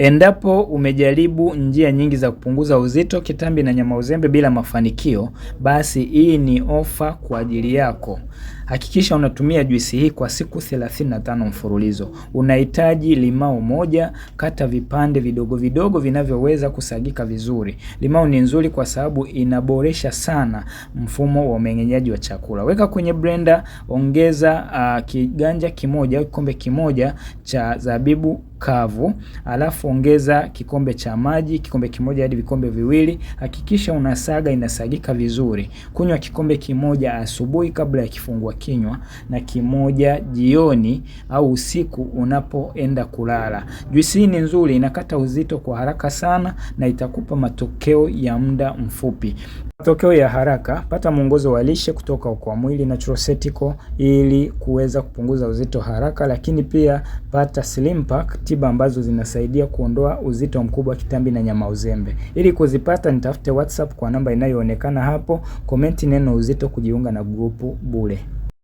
Endapo umejaribu njia nyingi za kupunguza uzito, kitambi na nyama uzembe bila mafanikio, basi hii ni ofa kwa ajili yako. Hakikisha unatumia juisi hii kwa siku 35 mfululizo. Unahitaji limau moja, kata vipande vidogo vidogo vinavyoweza kusagika vizuri. Limau ni nzuri kwa sababu inaboresha sana mfumo wa umeng'enyaji wa chakula. Weka kwenye blender, ongeza uh, kiganja kimoja au kikombe kimoja cha zabibu kavu, alafu ongeza kikombe cha maji, kikombe kimoja hadi vikombe viwili. Hakikisha unasaga inasagika vizuri. Kunywa kikombe kimoja asubuhi kabla ya kifungua kinywa na kimoja jioni au usiku unapoenda kulala. Juisi hii ni nzuri, inakata uzito kwa haraka sana na itakupa matokeo ya muda mfupi. Matokeo ya haraka: pata mwongozo wa lishe kutoka Okoa Mwili Nutraceutical ili kuweza kupunguza uzito haraka, lakini pia pata Slim Pack tiba ambazo zinasaidia kuondoa uzito mkubwa kitambi na nyama uzembe. Ili kuzipata nitafute WhatsApp kwa namba inayoonekana hapo, komenti neno uzito kujiunga na grupu bure.